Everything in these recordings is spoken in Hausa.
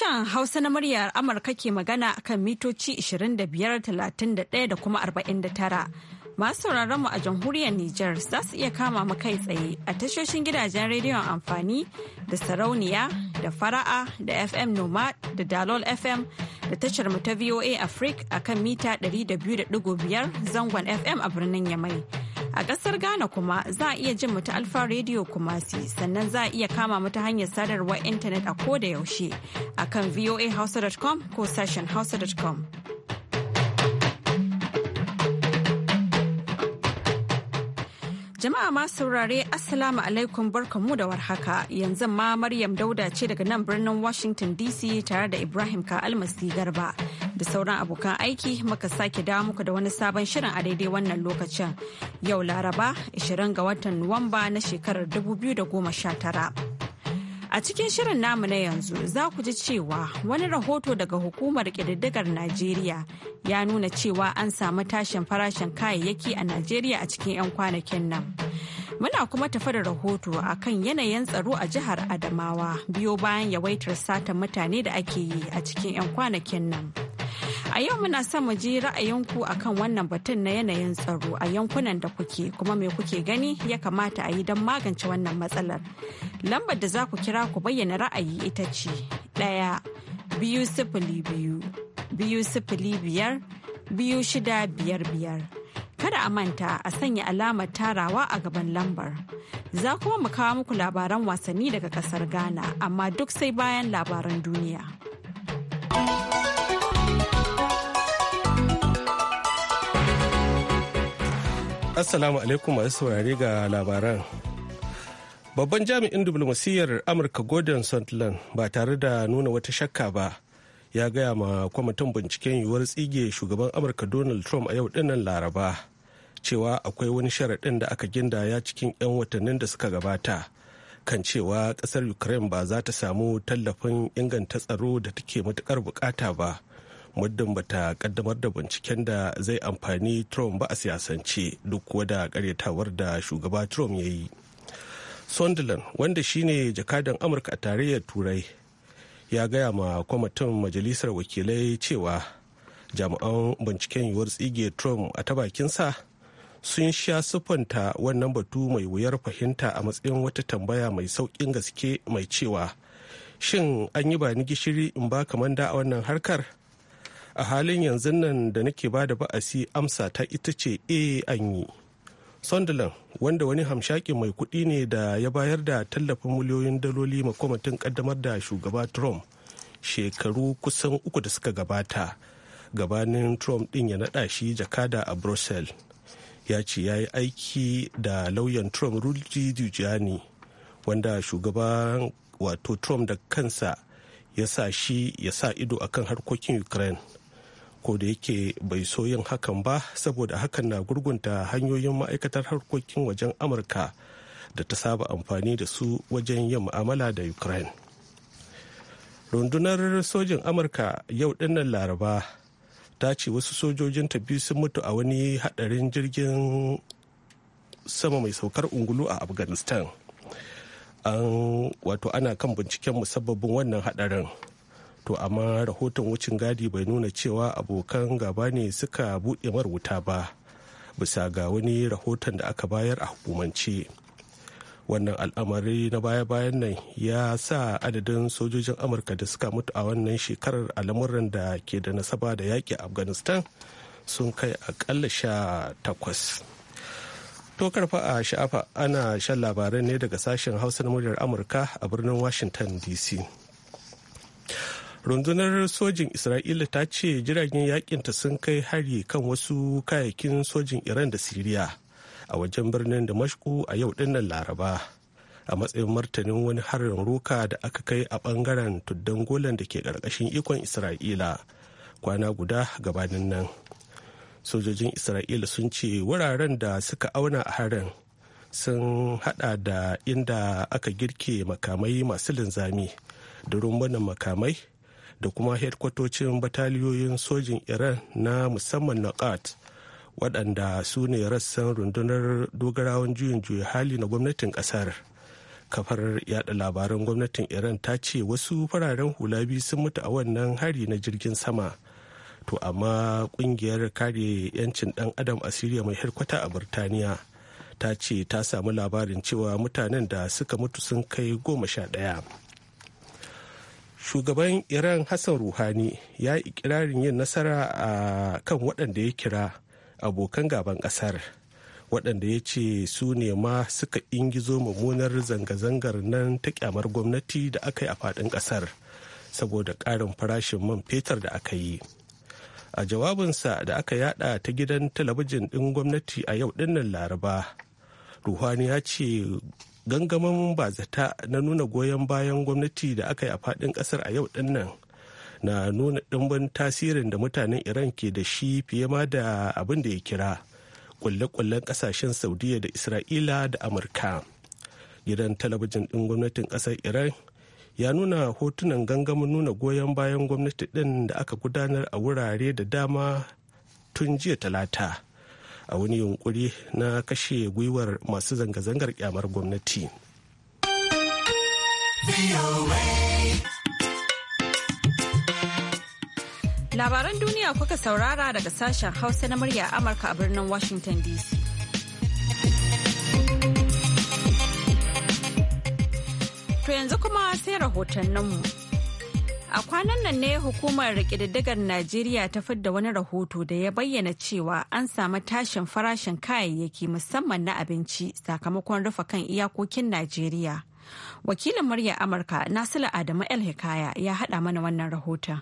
Sashen Hausa na muryar Amurka ke magana kan mitoci 25,31 da kuma 49. Masu sauraron mu a jamhuriyar Nijar za su iya kama mu kai tsaye a tashoshin gidajen rediyon amfani da sarauniya da fara'a da FM Noma da Dalol FM da tashar mu ta VOA Africa a kan mita 200.5 zangon FM a birnin Yamai. A ƙasar Ghana kuma za a iya jin mutu ta Alfa Radio Kumasi sannan za a iya kama mutu hanyar sadarwar intanet a koda da yaushe a kan voahausa.com ko sashen hausa.com. Jama'a ma saurare Assalamu alaikum barkanmu da warhaka yanzu ma Maryam Dauda ce daga nan birnin Washington DC tare da Ibrahim Ka'almasi Garba da sauran abokan aiki muka sake dawo muku da wani sabon shirin a daidai wannan lokacin. Yau Laraba 20 ga watan Nuwamba na shekarar 2019. A cikin shirin namu na yanzu za ku ji cewa wani rahoto daga hukumar ƙididdigar Najeriya ya nuna cewa an samu tashin farashin kayayyaki a Najeriya a cikin 'yan kwanakin nan. Muna kuma tafa da rahoto a kan yanayin tsaro a jihar Adamawa biyo bayan yawaitar satan mutane da ake yi a cikin 'yan kwanakin nan. A yau muna son mu ji ra'ayinku akan wannan batun na yanayin tsaro a yankunan da kuke kuma me kuke gani ya kamata a yi don magance wannan matsalar. Lambar da za ku kira ku bayyana ra'ayi ita ce ɗaya biyu sifili biyu biyu sifili biyar biyu shida biyar biyar. Kada a manta a sanya alamar tarawa a gaban lambar. Za kuma mu kawo muku labaran wasanni daga ƙasar Ghana amma duk sai bayan labaran duniya. Assalamu alaikum masu saurare ga labaran. Babban jami'in diplomasiyyar Amurka Gordon Sondland ba tare da nuna wata shakka ba ya gaya ma kwamitin binciken yiwuwar tsige shugaban Amurka Donald Trump a yau dinnan Laraba cewa akwai wani sharaɗin da aka gindaya cikin 'yan watannin da suka gabata kan cewa ƙasar Ukraine ba za ta samu tallafin inganta tsaro da take matuƙar bukata ba muddin bata kaddamar da binciken da zai amfani trump ba a siyasance duk wada da karyatawar da shugaba trump ya yi sunderland wanda shine jakadan amurka a tarayyar turai ya gaya ma kwamitin majalisar wakilai cewa jami'an binciken yiwuwar tsige trump a ta bakinsa sun sha siffanta wannan batu mai wuyar fahimta a matsayin wata tambaya mai saukin gaske mai cewa shin an yi ba ni gishiri in ba kamanda a wannan harkar a halin yanzu nan da nake ba da ba'asi amsa ta ita ce e an yi sunderland wanda wani hamshakin mai kuɗi ne da ya bayar da tallafin miliyoyin daloli ma kwamitin kaddamar da shugaba trump shekaru kusan uku da suka gabata gabanin trump ɗin ya naɗa shi jakada a brussels ya ce ya yi aiki da lauyan trump rudy giuliani wanda shugaban wato trump da kansa ya sa shi ya sa ido akan harkokin ukraine ko da yake bai so yin hakan ba saboda hakan na gurgunta hanyoyin ma'aikatar harkokin wajen amurka da ta saba amfani da su wajen yin mu'amala da ukraine rundunar sojin amurka yau dinnan laraba ta ce wasu sojojin ta biyu sun mutu a wani hadarin jirgin sama mai saukar ungulu a afghanistan wato ana kan binciken musabbabin wannan hadarin to amma rahoton wucin gadi bai nuna cewa abokan gaba ne suka buɗe mar wuta ba bisa ga wani rahoton da aka bayar a hukumance wannan al'amari na baya-bayan nan ya sa adadin sojojin amurka da suka mutu a wannan shekarar a al'amuran da ke da nasaba da yaƙi a afghanistan sun kai akalla sha takwas to karfa a sha'afa ana shan labarai ne daga sashen hausa na muryar amurka a birnin washington dc rundunar sojin isra'ila ta ce jiragen yakinta sun kai hari kan wasu kayakin sojin iran da siriya a wajen birnin da mashku a yau dinnan laraba a matsayin martanin wani harin roka da aka kai a bangaren tuddan golan da ke karkashin ikon isra'ila kwana guda gabanin nan sojojin isra'ila sun ce wuraren da suka auna a harin sun hada da inda aka girke makamai masu linzami da rumbunan makamai da kuma hedkwatocin bataliyoyin sojin iran na musamman na qat waɗanda su ne rassan rundunar dogarawan juyin juya hali na gwamnatin ƙasar kafar yada labaran gwamnatin iran ta ce wasu fararen hula biyu sun mutu a wannan hari na jirgin sama to amma kungiyar kare 'yancin dan adam a siriya mai harkwata a birtaniya ta ce ta samu labarin cewa mutanen da suka mutu sun kai goma sha ɗaya shugaban iran hassan ruhani ya yi ikirarin yin nasara a kan waɗanda ya kira abokan gaban ƙasar waɗanda ya ce su ne ma suka ingizo mummunar zanga-zangar nan ta kyamar gwamnati da aka yi a faɗin ƙasar saboda ƙarin farashin man fetur da aka yi a jawabinsa da aka yada ta gidan talabijin ɗin gwamnati a yau ɗinnan laraba ruhani ya ce gangamin bazata na nuna goyon bayan gwamnati da aka yi a faɗin ƙasar a yau ɗin nan na nuna ɗimbin tasirin da mutanen iran ke da shi fiye ma da abin da ya kira kulle-kullen ƙasashen saudiya da isra'ila da amurka gidan talabijin ɗin gwamnatin ƙasar iran ya nuna hotunan gangamin nuna goyon bayan gwamnati ɗin da aka gudanar a wurare da dama tun jiya talata a wani yunkuri na kashe gwiwar masu zanga-zangar kyamar gwamnati. Labaran duniya kuka saurara daga sashen Hausa na murya Amurka a birnin Washington DC. To yanzu kuma sai rahotanninmu. A kwanan nan ne hukumar ƙididdigar Najeriya ta fidda wani rahoto da ya bayyana cewa an samu tashin farashin kayayyaki musamman na abinci sakamakon rufe kan iyakokin Najeriya. Wakilin murya Amurka Nasiru Adamu El Hikaya ya haɗa mana wannan rahoton.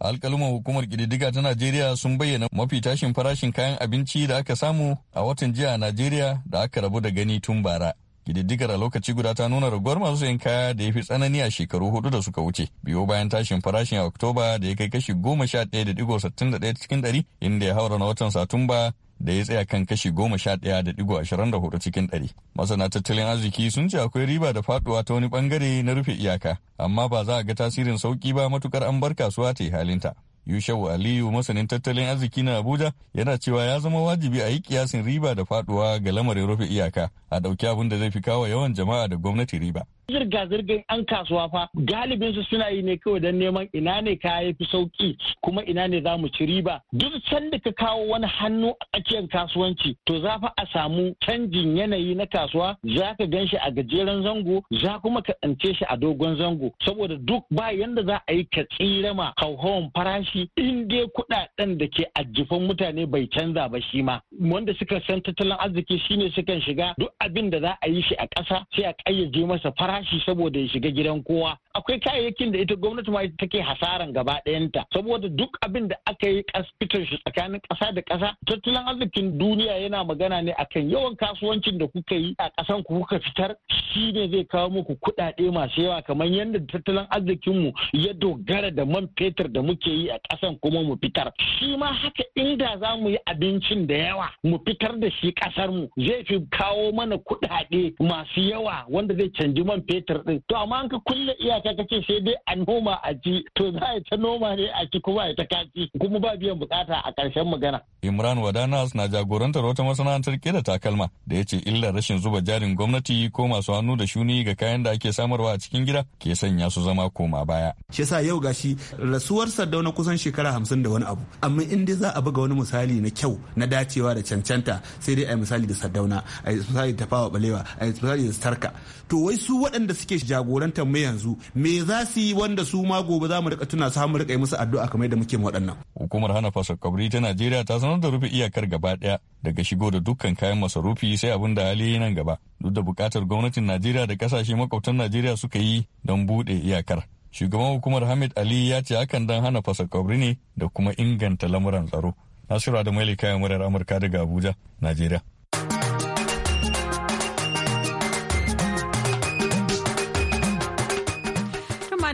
alkaluman hukumar kididdiga ta najeriya sun bayyana mafi tashin farashin kayan abinci da aka samu a watan jiya a najeriya da aka rabu da gani tun bara Kididdigar a lokaci guda ta nuna raguwar masu sayan kaya da ya fi tsanani a shekaru hudu da suka wuce, biyo bayan tashin farashin a Oktoba da ya kai kashi goma sha ɗaya da digo sittin da ɗaya cikin ɗari, inda ya haura na watan Satumba da ya tsaya kan kashi goma sha ɗaya da digo ashirin da hudu cikin ɗari. Masana tattalin arziki sun ce akwai riba da faɗuwa ta wani bangare na rufe iyaka, amma ba za a ga tasirin sauki ba matukar an bar kasuwa ta yi halinta. Yushau Aliyu masanin tattalin arziki na Abuja yana cewa ya zama wajibi a yi kiyasin riba da faduwa ga lamarin rufe iyaka a ɗauki abin da zai fi kawo yawan jama'a da gwamnati riba. zirga-zirgar an kasuwa fa galibin su suna yi ne kawai don neman ina ne kaya fi sauki kuma ina ne za mu ci riba duk sanda ka kawo wani hannu a tsakiyar kasuwanci to za fa a samu canjin yanayi na kasuwa za ka gan shi a gajeren zango za kuma ka tsance shi a dogon zango saboda duk ba yanda za a yi ka tsira ma hauhawan farashi in dai kuɗaɗen da ke ajifan mutane bai canza ba shi ma wanda suka san tattalin arziki shine sukan shiga duk abin da za a yi shi a ƙasa sai a ƙayyade masa farashi tashi saboda ya shiga gidan kowa akwai kayayyakin da ita gwamnati ma take hasaran gaba ɗayanta saboda duk abin da aka yi fitar shi tsakanin ƙasa da ƙasa tattalin arzikin duniya yana magana ne akan yawan kasuwancin da kuka yi a ƙasan ku kuka fitar shi ne zai kawo muku kuɗaɗe masu yawa kamar yadda tattalin arzikin mu ya dogara da man fetur da muke yi a ƙasan kuma mu fitar shi ma haka inda za mu yi abincin da yawa mu fitar da shi ƙasar mu zai fi kawo mana kuɗaɗe masu yawa wanda zai canji man fetur ɗin to amma an ka kulle iya ka kace sai dai a noma a ci to za a ta noma ne a ci kuma a ta kaci kuma ba biyan bukata a ƙarshen magana. Imran Wadanas na jagorantar wata masana'antar keda takalma da ya ce illar rashin zuba jarin gwamnati ko masu hannu da shuni ga kayan da ake samarwa a cikin gida ke sanya su zama koma baya. Shi yasa yau gashi rasuwar na kusan shekara hamsin da wani abu amma in dai za a buga wani misali na kyau na dacewa da cancanta sai dai a misali da sadauna a misali da Tafawa Balewa a misali da Starka. to wai su waɗanda suke jagorantar mu yanzu me za su yi wanda su ma gobe za mu rika tuna su mu rika yi musu addu'a kamar yadda muke waɗannan hukumar hana fasa kabri ta Najeriya ta sanar da rufe iyakar gaba ɗaya daga shigo da dukkan kayan masarufi sai abin da hali nan gaba duk da buƙatar gwamnatin Najeriya da ƙasashe makwabtan Najeriya suka yi don buɗe iyakar shugaban hukumar Hamid Ali ya ce hakan dan hana fasa kabri ne da kuma inganta lamuran tsaro Nasiru Adamu Kayan Murar Amurka daga Abuja, Najeriya.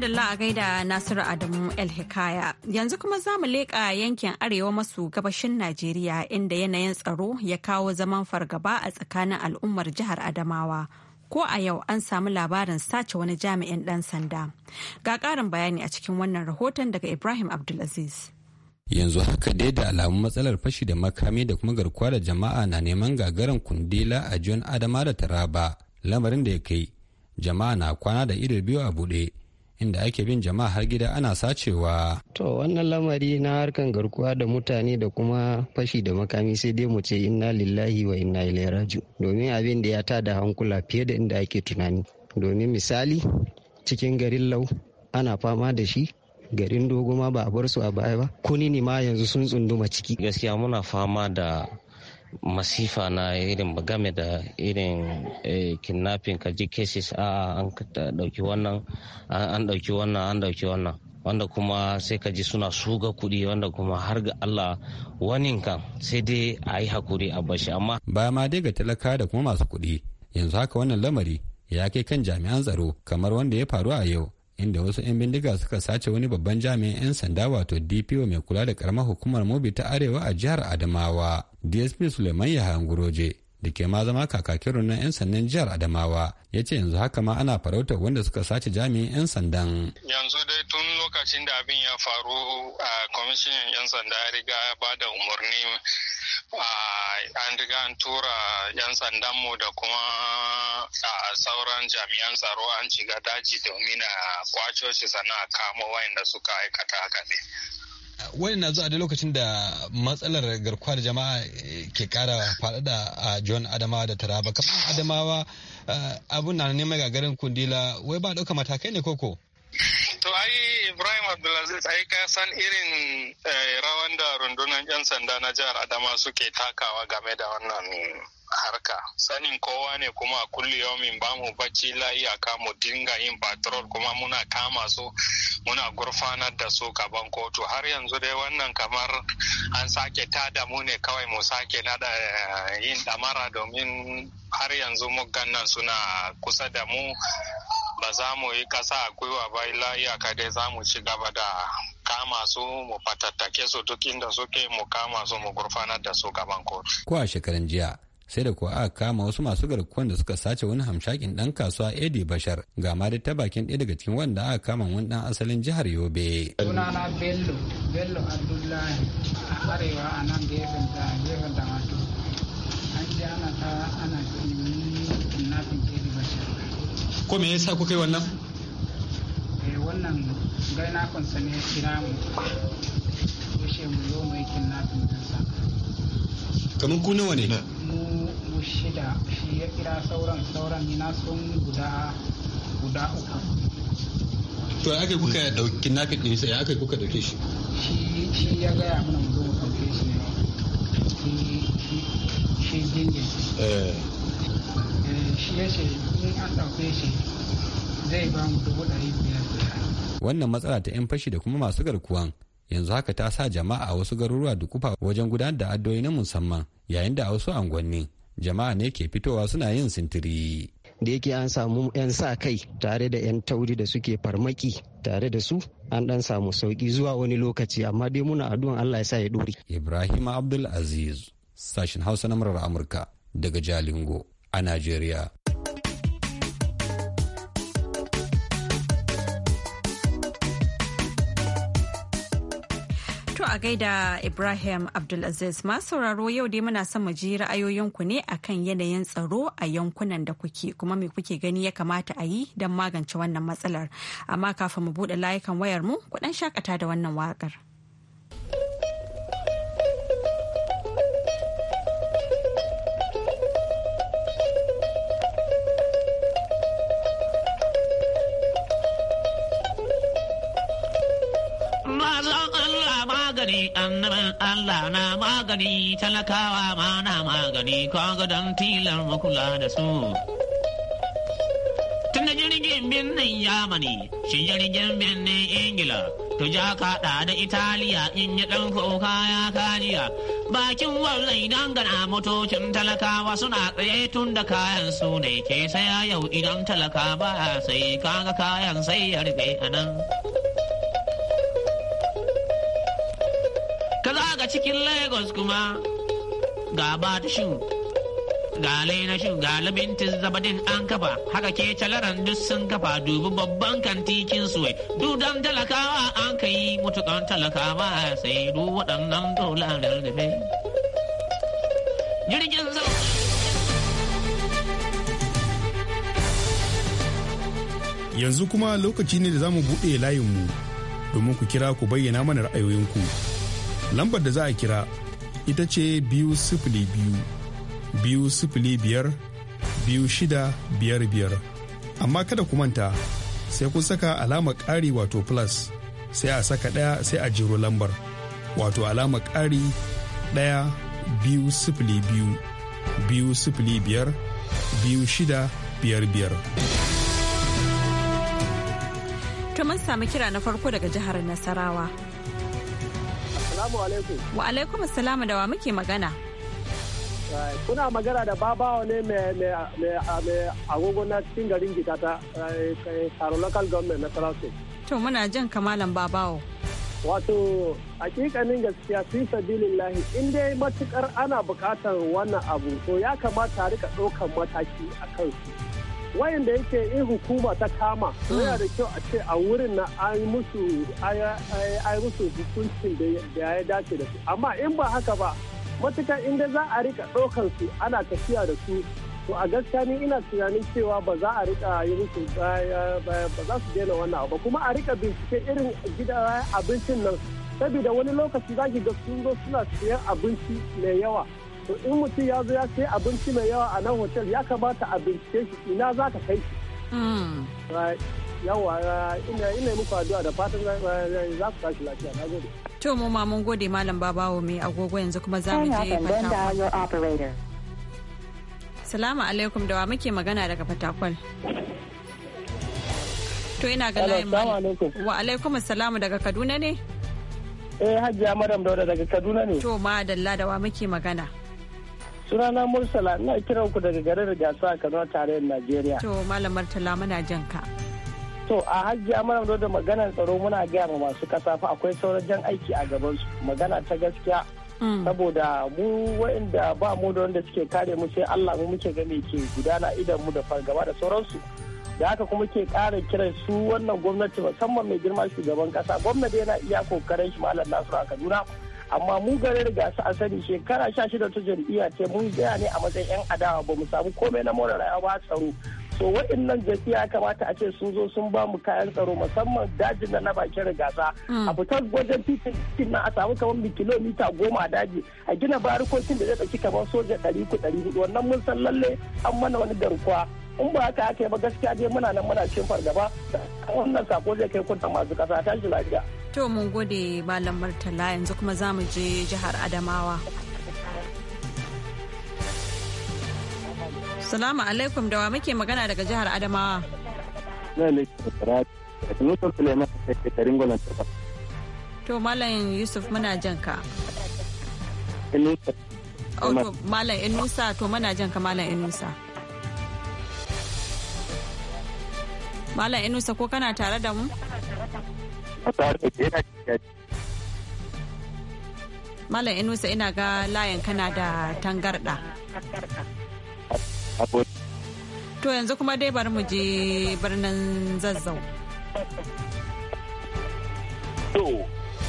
madalla a gaida Nasiru Adamu El Hikaya. Yanzu kuma za mu leƙa yankin arewa maso gabashin Najeriya inda yanayin tsaro ya kawo zaman fargaba a tsakanin al'ummar jihar Adamawa. Ko a yau an samu labarin sace wani jami'in ɗan sanda. Ga ƙarin bayani a cikin wannan rahoton daga Ibrahim Abdulaziz. yanzu haka dai da alamun matsalar fashi da makami da kuma garkuwa da jama'a na neman gagaran kundila a john adama da taraba lamarin da ya kai jama'a na kwana da ido biyu a buɗe inda ake bin jama'a har gida ana sacewa. To wannan lamari na harkan garkuwa da mutane da kuma fashi da makami sai dai mu ce inna lillahi wa inna ilaihi raji'un domin abin da ya tada hankula fiye da inda ake tunani. Domin misali cikin garin lau ana fama da shi garin doguma ba a bar su a baya ba kuni ne ma yanzu sun tsunduma ciki gaskiya muna fama da masifa na irin game da irin eh, kidnapping ka ji cases a an dauki wannan an dauki wannan an wanda kuma sai ka ji suna suga kuɗi wanda kuma har ga Allah wanin kan sai dai a yi hakuri a bashi amma ba ma dai ga talaka da kuma masu kuɗi yanzu haka wannan lamari ya kai kan jami'an tsaro kamar wanda ya faru a yau inda wasu 'yan bindiga suka sace wani babban jami'in 'yan sanda wato dpo mai kula da karamar hukumar mobi ta arewa a jihar adamawa dsp suleiman yahan guroje da ke ma zama kakakin runar 'yan sandan jihar adamawa ya ce yanzu haka ma ana farautar wanda suka sace jami'in 'yan sandan yanzu dai tun lokacin da abin ya faru a kwamishin 'yan sanda ya riga ba da umarni an riga an tura 'yan sandanmu da kuma a sauran jami'an tsaro an shiga daji domin a kwaco shi sana'a kamo wayanda suka aikata haka ne. wani na zuwa da lokacin da matsalar garkuwa jama'a eh, ke kara faɗaɗa a john adamawa da taraba kamar adamawa eh, abun na neman gagarin kundila wai ba ɗauka matakai ne koko? To ai Ibrahim Abdulaziz ai ka san irin eh, rawan da rundunar 'yan sanda na jihar Adama suke takawa game da wannan harka sanin kowa ne kuma kulli kulle yaumin ba mu bacci la iyaka mu dinga yin patrol kuma muna kama su muna gurfanar da su gaban kotu har yanzu dai wannan kamar an sake tada mu ne kawai mu sake nada eh, yin damara domin har yanzu muggan nan suna kusa da mu ba za mu yi kasa a gwiwa ba la iyaka dai za mu ci gaba da kama su mu fatattake su duk inda suke mu kama su mu gurfanar da su gaban kotu. Ko shekaran jiya sai da kuwa aka kama wasu masu garkuwan da suka sace wani hamshakin dan kasuwa Eddie Bashar ga ma da ta bakin ɗaya daga cikin wanda aka kama wani dan asalin jihar Yobe. Sunana Bello, Bello Abdullahi, arewa a nan gefen da gefen da mato. An ji ana ta ana nafin Eddie Bashar. Ko me yasa kuka yi wannan? Eh wannan gaina konsa ne kira mu. Kushe mu mu yi kidnapping din sa. Kamar ku nawa ne? su shida shi ya kira sauran sauran na sun guda guda uku to ya aka kuka dauki na ka ɗinsa ya aka kuka dauke shi shi ya gaya mana mu zo dauke shi ne shi jinge eh. eh, shi ya ce in an dauke shi zai ba mu dubu ɗari biyar wannan matsala ta 'yan fashi da kuma masu garkuwan yanzu haka ta sa jama'a a wasu garuruwa da kufa wajen gudanar da addoyi na musamman yayin da a wasu angonni jama'a ne ke fitowa suna yin sintiri da yake an samu 'yan sa kai tare da 'yan tauri da suke farmaki tare da su an dan samu sauki zuwa wani lokaci amma dai muna addu'an Allah ya sa ya dore. Ibrahim Abdul Aziz sashin Hausa na murar Amurka daga Jalingo a Najeriya. a gaida Ibrahim Abdulaziz masu sauraro yau dai muna son mu ji ra'ayoyinku ne akan yanayin tsaro a yankunan da kuke kuma me kuke gani ya kamata a yi don magance wannan matsalar. Amma kafin mu buɗe layukan wayar mu kuɗan shakata da wannan waƙar. magani annaban Allah na magani talakawa ma na magani kaga don tilar makula da su. Tunda jirgin birnin Yamani, shi jirgin birnin Ingila, ja kaɗa da Italiya in yi ɗan kuka ya kariya. Bakin wallai dangana motocin talakawa suna tsaye tun da kayan su ne ke saya yau idan talaka ba sai kaga kayan sai ya rufe a nan. cikin lagos kuma ga batushin ga lainashin ga labintin zabadin an kafa haka ke calaran duk sun kafa dubi babban kantikin suwai dudan talakawa an ka yi mutukan talakawa sai du waɗannan dolarar da jirgin zama yanzu kuma lokaci ne da za mu buɗe layinmu domin ku kira ku bayyana mana ra'ayoyinku. lambar da za a kira ita ce biyu sifili biyu biyu sifili biyar biyu shida biyar biyar amma kada ku manta sai kun saka alama ƙari wato plus sai a saka ɗaya sai a jiro lambar wato alama ƙari ɗaya biyu sifili biyu biyu sifili biyar biyu shida biyar biyar. To mun sami kira na farko daga jihar Nasarawa. Assalamu alaikum. Wa alaikum assalamu da wa muke magana. Eh, kuna magana da babawa ne mai agogo na cikin garin gita ta eh, eh, Karo Local Government na Sarauce. To muna jan kamalan babawo. Wato hakikanin gaskiya fi sabilillahi in dai matukar ana bukatar wannan abu to ya kamata a rika ɗaukan mataki a kansu. wayanda yake in hukuma ta kama yana da kyau a ce a wurin na an musu ai musu hukuncin da ya dace da su amma in ba haka ba matuka inda za a rika ɗaukan su ana tafiya da su to a gaskiya ni ina tunanin cewa ba za a rika yi musu ba za su daina wannan abu kuma a rika bincike irin gida abincin nan saboda wani lokaci za ki ga sun zo suna siyan abinci mai yawa to in mutum ya zo ya ce abinci mai yawa a nan hotel ya kamata a bincike shi ina za ka kai shi mm. yawa uh, ina ina muku addu'a da fatan uh, za ku tashi lafiya na gode to mu ma mun gode malam babawo mai agogo yanzu kuma za mu je fatakwal salamu alaikum da wa muke magana daga fatakwal to ina ga layin wa alaikum assalamu daga kaduna ne eh hajiya madam dauda daga kaduna ne to ma dalla da wa muke magana sunana mursala na kiran ku daga garin rigasa a kano tarayyar najeriya to malam tala muna jan ka to a hajji amara da maganar tsaro muna gaya ma masu kasa fa akwai sauran jan aiki a gaban su magana ta gaskiya mm. saboda mu wa'inda ba mu da wanda suke kare mu sai allah mu muke ga game ke gudana idan mu da fargaba da sauransu da haka kuma ke kara kiran su wannan gwamnati musamman mai girma shugaban kasa gwamnati yana iya kokarin shi malam nasiru a kaduna amma mu garin riga su a sani shekara sha shida ta jam'iyya ce mun gaya ne a matsayin yan adawa ba mu samu komai na more rayuwa ba tsaro so waɗannan gaskiya kamata a ce sun zo sun ba mu kayan tsaro musamman dajin na bakin rigasa mm. a fitar wajen titin na a samu kamar bi kilomita goma daji a gina barikokin da zai ɗauki kamar soja ɗari ku ɗari hudu wannan mun san lalle an mana wani garkuwa in ba haka aka ba gaskiya dai muna nan muna cin fargaba wannan sako zai kai kunta masu ƙasa tashi lafiya. to mun gode malam murtala yanzu kuma za mu je jihar adamawa. Salamu alaikum da wa muke magana daga jihar Adamawa. Na ne Yusuf Suleiman da ke tarin gwanan tafa. To Malam Yusuf muna jan ka. Inusa. Oh to Malam Inusa to muna jan ka Malam Inusa. Malam Inusa ko kana tare da mu? Malam Inusa ina ga layan kana da tangarda. To yanzu kuma dai bari mu je birnin zazzau. To,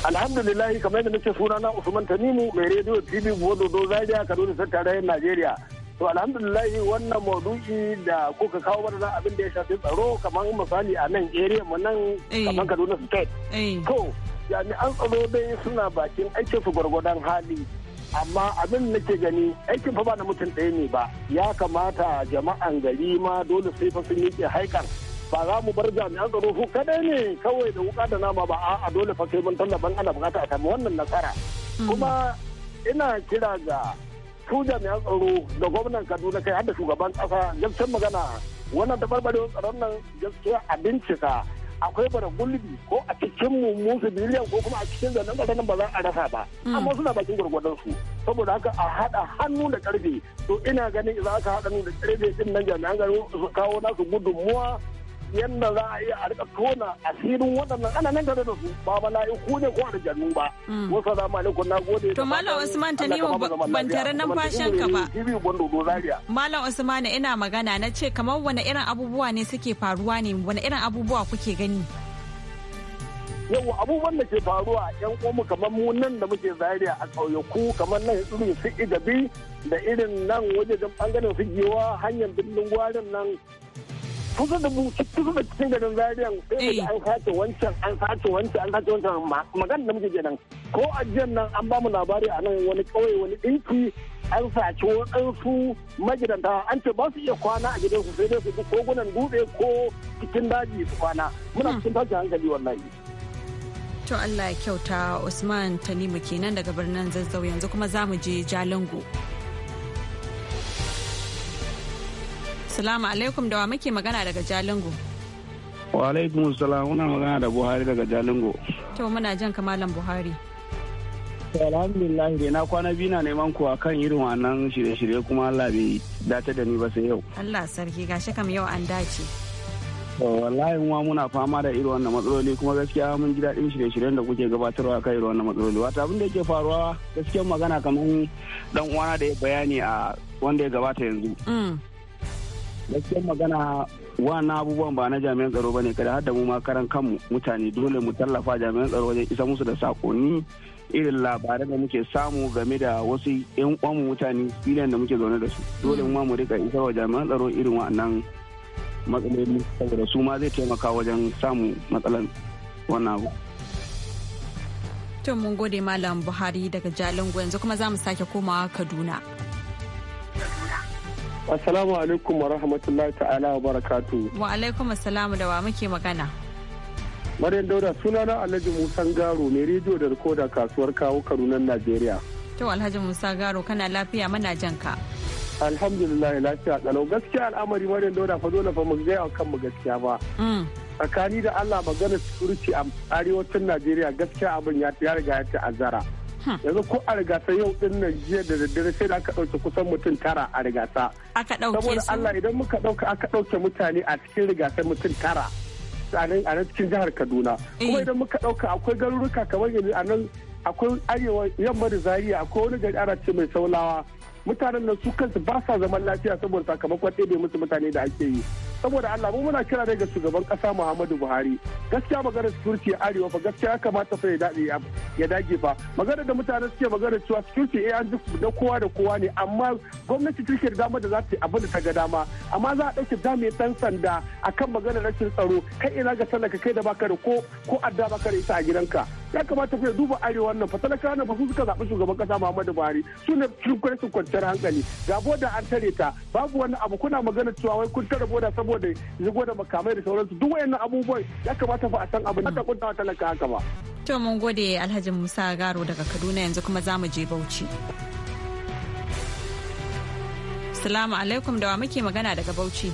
alhamdulillah kamar yadda nake suna na Usman Tanimu mai rediyo TV Bododo Zaria Kaduna ta tarayyar Najeriya. To alhamdulillah wannan maudu'i da kuka kawo mana na abin da ya shafi tsaro kamar misali a nan area mu nan eh. kamar Kaduna State. Eh. To, jami'an tsaro dai suna bakin aikin su gwargwadon hali amma abin nake gani aikin fa ba na mutum ɗaya ne ba ya kamata jama'an gari ma dole sai fa sun yake haikar ba za mu bar jami'an tsaro su kadai ne kawai da wuka da nama ba a dole fa sai mun tallaban ana bukata a samu wannan nasara mm. kuma ina kira ga su jami'an tsaro da gwamnan kaduna kai har da shugaban kasa gaskiyar magana wannan tabarbarewar tsaron nan gaskiya a bincika akwai bara gulbi ko a cikin mummun biliyan ko kuma a cikin zanen ƙasar ba za a rasa ba hmm. amma suna bakin gwargwadon su saboda haka a haɗa hannu da ƙarfe to ina ganin za ka haɗa hannu da ƙarfe din nan jami'an tsaro su kawo nasu gudunmuwa yadda za a yi a rika tona asirin waɗannan ana nan gare da su ba mala'iku ne ko aljannu ba mm. wasu da mala'iku na gode to malam usman ta nima ban tare numfashin ka ba malam usman ina magana na ce kamar wani irin abubuwa ne suke faruwa ne wani irin abubuwa kuke gani yau abubuwan da ke faruwa yan uwanmu kamar mu nan da muke zariya a ƙauyaku kamar nan irin su idabi da irin nan wajejen bangaren su giwa hanyar birnin gwarin nan kusa da mu kusa da cikin garin zariya sai an sace wancan an sace wancan an sace wancan magana da muke kenan ko ajiyar nan an bamu labari a nan wani kauye wani dinki an sace waɗansu magidanta an ce ba su iya kwana a gidansu sai dai su bi kogunan dutse ko cikin daji su kwana muna cikin tashin hankali wallahi. To Allah ya kyauta Usman Tanimu kenan daga birnin Zazzau yanzu kuma za mu je Jalingo. Assalamu alaikum da wa muke magana daga Jalingo. Wa alaikum salam muna magana da Buhari daga Jalingo. To muna jan kamalan Buhari. Alhamdulillah dai na kwana biyu na neman ku akan irin wannan shirye-shirye kuma Allah bai dace da ni ba sai yau. Allah sarki gashi kam yau an dace. wallahi mu muna fama da irin wannan matsaloli kuma gaskiya mun ji daɗin shirye-shiryen da kuke gabatarwa akan irin wannan matsaloli wata abin da yake faruwa gaskiyar magana kamar dan uwana da ya bayani a wanda ya gabata yanzu. Mm. gaskiyar magana na abubuwan ba na jami'an tsaro ba ne kada har mu ma karan kanmu mutane dole mu tallafa jami'an tsaro wajen isa musu da sakonni irin labaran da muke samu game da wasu yan uwanmu mutane filiyan da muke zaune da su dole mu ma mu rika isawa wa jami'an tsaro irin wa'annan matsaloli saboda su ma zai taimaka wajen samu matsalan wannan abu. tun mun gode Malam Buhari daga Jalingo yanzu kuma za mu sake komawa Kaduna. Assalamu alaikum wa rahmatullahi ta'ala wa barakatu. Wa alaikum assalamu da wa muke magana. Maryam Dauda suna na Alhaji Musa Garo mai rediyo da rikoda kasuwar kawo karunan Najeriya. To Alhaji Musa Garo kana lafiya mana janka. Alhamdulillah lafiya kalau gaskiya al'amari Maryam Dauda fa dole fa mu ga kan mu gaskiya ba. Mm. Tsakani da Allah maganar surci a arewacin Najeriya gaskiya abin ya riga ya ta'azzara. yanzu ko a rigasa yau din nan jiya da daddare sai da aka ɗauke kusan mutum tara a rigasa aka ɗauke saboda Allah idan muka ɗauka aka ɗauke mutane a cikin rigasa mutum tara a nan cikin jihar Kaduna kuma eh. idan muka ɗauka akwai garuruka kamar yanzu a nan akwai arewa yamma da zariya akwai wani gari ana ce mai saulawa mutanen nan su kansu ba sa zaman lafiya saboda sakamakon ɗebe musu mutane da ake yi saboda Allah mu muna kira ga shugaban kasa Muhammadu Buhari gaskiya maganar security arewa fa gaskiya ya kamata fa ya dade ya dage fa magana da mutanen suke magana cewa security eh an da kowa da kowa ne amma gwamnati take da dama da za ta abin da ta ga dama amma za a dace dauke jami'in dan sanda akan magana rashin tsaro kai ina ga talaka kai da baka da ko ko adda baka da isa a gidanka ya kamata ku duba arewa nan fa talaka nan fa su suka zaɓi shugaban kasa Muhammadu Buhari su ne cikin kwanciyar hankali ga boda an tare ta babu wani abu kuna magana cewa wai kun tare boda saboda zigo da makamai da sauransu duk wayannan abubuwan ya kamata fa a san abin da kun talaka haka ba. To mun gode Alhaji Musa Garo daga Kaduna yanzu kuma za mu je Bauchi. Assalamu alaikum da wa muke magana daga Bauchi.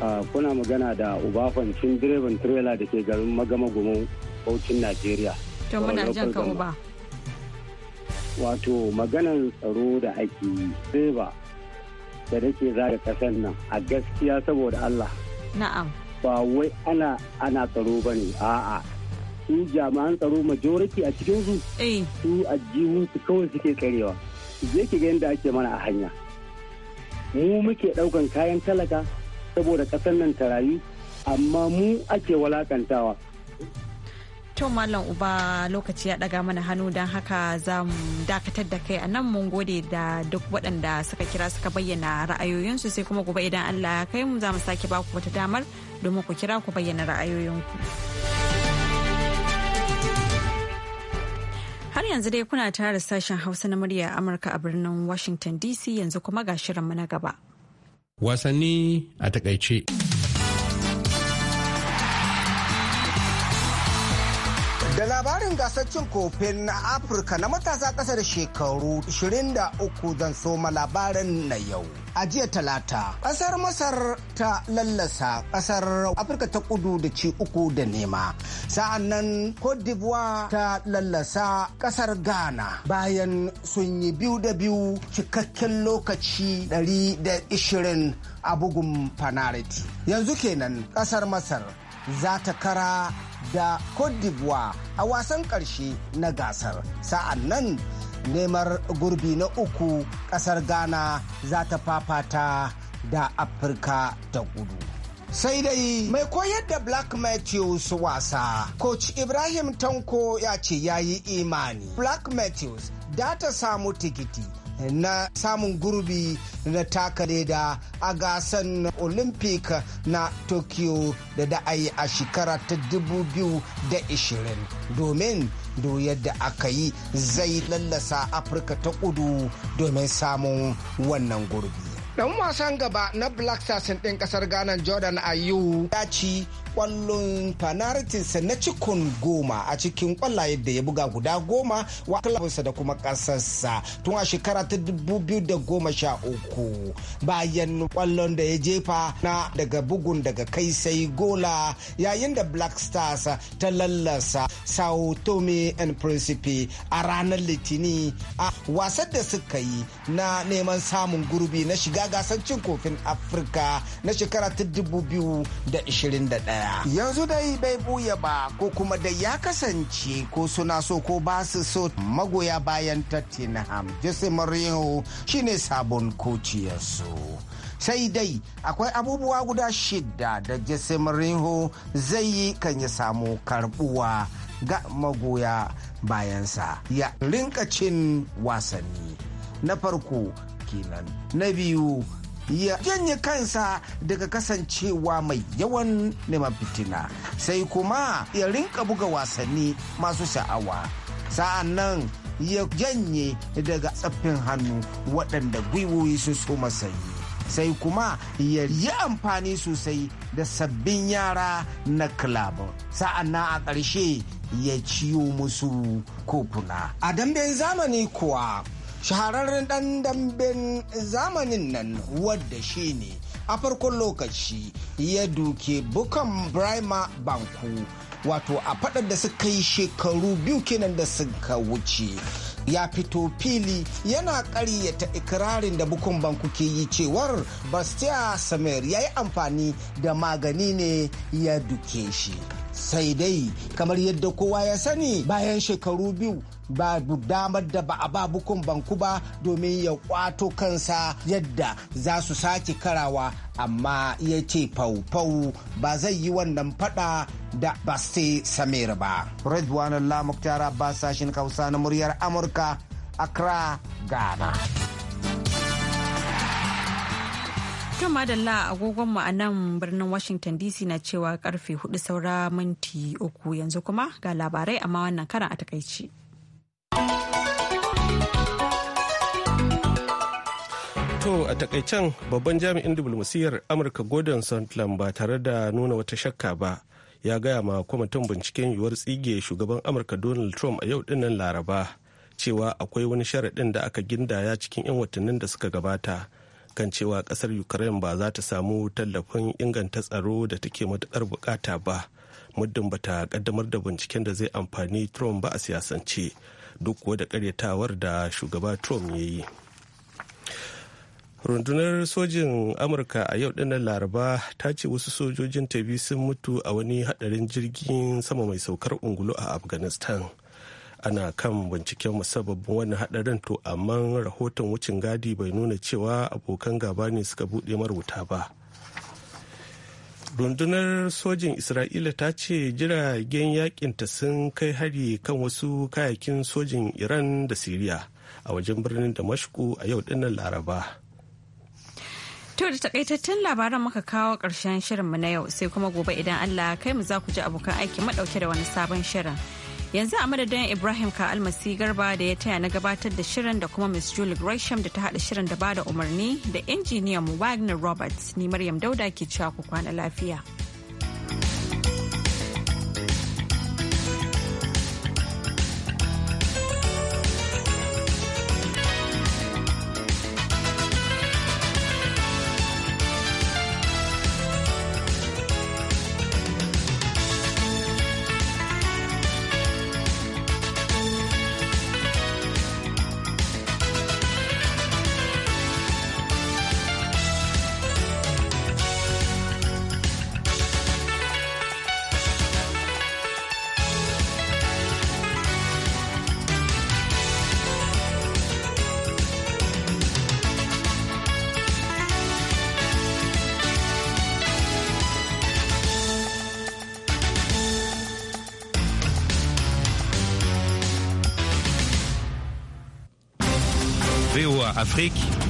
Ah, kuna magana da Ubafan cin direban tirela da ke garin Magama Gumau Bauchin Najeriya. To muna jan ka uba. Wato maganar tsaro da ake yi sai ba da za zaga kasar nan a gaskiya saboda Allah. Na'am. Ba wai ana ana tsaro ba ne a'a su jami'an tsaro majority a cikin eh. su su a su kawai suke karewa je ki ga yadda ake mana a hanya mu muke ɗaukan kayan talaka saboda kasar nan ta rayu amma mu ake walakantawa to Malam Uba lokaci ya ɗaga mana hannu don haka za mu dakatar da kai a nan mun gode da duk waɗanda suka kira suka bayyana ra'ayoyinsu sai kuma gobe idan Allah ya kai mu za mu sake baku wata damar domin ku kira ku bayyana ra'ayoyinku. Har yanzu dai kuna tare sashen Hausa na murya Amurka a birnin Washington DC yanzu kuma ga shirinmu na gaba. Wasanni a takaice. gasar kofin na Afirka na matasa ƙasa da shekaru 23 zan soma labarin na yau. A jiya talata, ƙasar Masar ta lallasa ƙasar Afirka ta kudu da ci uku da nema. Sa'an nan d'Ivoire ta lallasa ƙasar Ghana bayan sun yi biyu da biyu cikakken lokaci 120 a bugun fanariti. Yanzu kenan ƙasar Masar za ta kara da Cote d'Ivoire a wasan ƙarshe na gasar. Sa'an nan neman gurbi na uku ƙasar Ghana za ta fafata da Afirka da gudu. Sai dai mai koyar da Black Matthews wasa, Coach Ibrahim Tanko ya ce ya yi imani. Black Matthews da ta samu tikiti. na samun gurbi na taka leda a gasan olympic na tokyo da da a yi a shekara ta 2020 domin do yadda aka yi zai lallasa afirka ta kudu domin samun wannan gurbi dan wasan gaba na black stars ɗin kasar ghana jordan ayu ya ci kwallon fanaritinsa na cikun goma a cikin kwallaye da ya buga guda goma wa klabinsa da kuma kasarsa tun a shekara ta dubu biyu da goma sha uku bayan kwallon da ya jefa na daga bugun daga kai sai gola yayin da black stars ta lallasa sao tome and principe a ranar litini a wasan da suka yi na neman samun gurbi na shiga gasar cin kofin afirka na shekara ta dubu biyu da da ishirin ɗaya. daya. Yanzu dai bai buya ba ko kuma da ya kasance ko suna so ko ba su so magoya bayan Tottenham. Jose Mourinho shine sabon kociyarsu. sai dai akwai abubuwa guda shida da Jose Mourinho zai yi kan ya samu karbuwa ga magoya bayansa ya rinka cin wasanni na farko kenan na biyu ya janye kansa daga kasancewa mai yawan neman fitina sai kuma ya rinka buga wasanni masu sha'awa sa'an nan ya janye daga tsaffin hannu waɗanda gwiwoyi sun so yi sai kuma ya yi amfani sosai da sabbin yara na club sa'an nan a ƙarshe ya ciyo musu kofuna a damben zamani kuwa shahararren dan damben zamanin nan wadda shi ne a farkon lokaci ya duke bukan brima banku wato a fadar da suka yi shekaru biyu kenan da suka wuce ya fito fili yana ƙaryata ikirarin da bukun banku ke yi cewar bastia samir ya yi amfani da magani ne ya duke shi sai dai kamar yadda kowa ya sani bayan shekaru biyu babu damar da ba a ba bukun banku ba domin ya kwato kansa yadda za su sake karawa amma ya ce fau-fau ba zai yi wannan fada da baste samir ba. Redwan Allah ba Abbas sashin Hausa na muryar Amurka, Accra, Ghana. Jin madalla agogonmu a nan birnin Washington DC na cewa karfe hudu saura minti uku yanzu kuma ga labarai amma wannan karan a takaici. To a takaicen babban jami'in diflomasiyyar Amurka Gordon Sondland ba tare da nuna wata shakka ba ya gaya ma kwamitin binciken yiwuwar tsige shugaban Amurka Donald Trump a yau dinnan Laraba cewa akwai wani sharaɗin da aka gindaya cikin 'yan watannin da suka gabata kan cewa ƙasar Ukraine ba za ta samu tallafin inganta tsaro da take matuƙar bukata ba muddin bata ƙaddamar da binciken da zai amfani Trump ba a siyasance. duk kuwa da karyatawar da shugaba trump ya yi rundunar sojin amurka a yau dinnan laraba ta ce wasu sojojin ta biyu sun mutu a wani hadarin jirgin sama mai saukar ungulu a afghanistan ana kan binciken musabbabin wani hadarin to amma rahoton wucin gadi bai nuna cewa abokan gaba ne suka buɗe marubuta ba rundunar sojin isra'ila ta ce jiragen yakinta sun kai hari kan wasu kayakin sojin iran da siriya a wajen birnin damashku a yau dinnan laraba To da takaitattun labaran muka kawo ƙarshen mu na yau sai kuma gobe idan Allah kai mu za ku ji abokan aiki madauke da wani sabon shirin. yanzu a madadin ibrahim ka almasi garba da ya taya na gabatar da shirin da kuma miss julie gresham da ta hada shirin da bada umarni da injiniyan wagner roberts ni maryam dauda ke cewa ku kwana lafiya.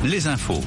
les infos.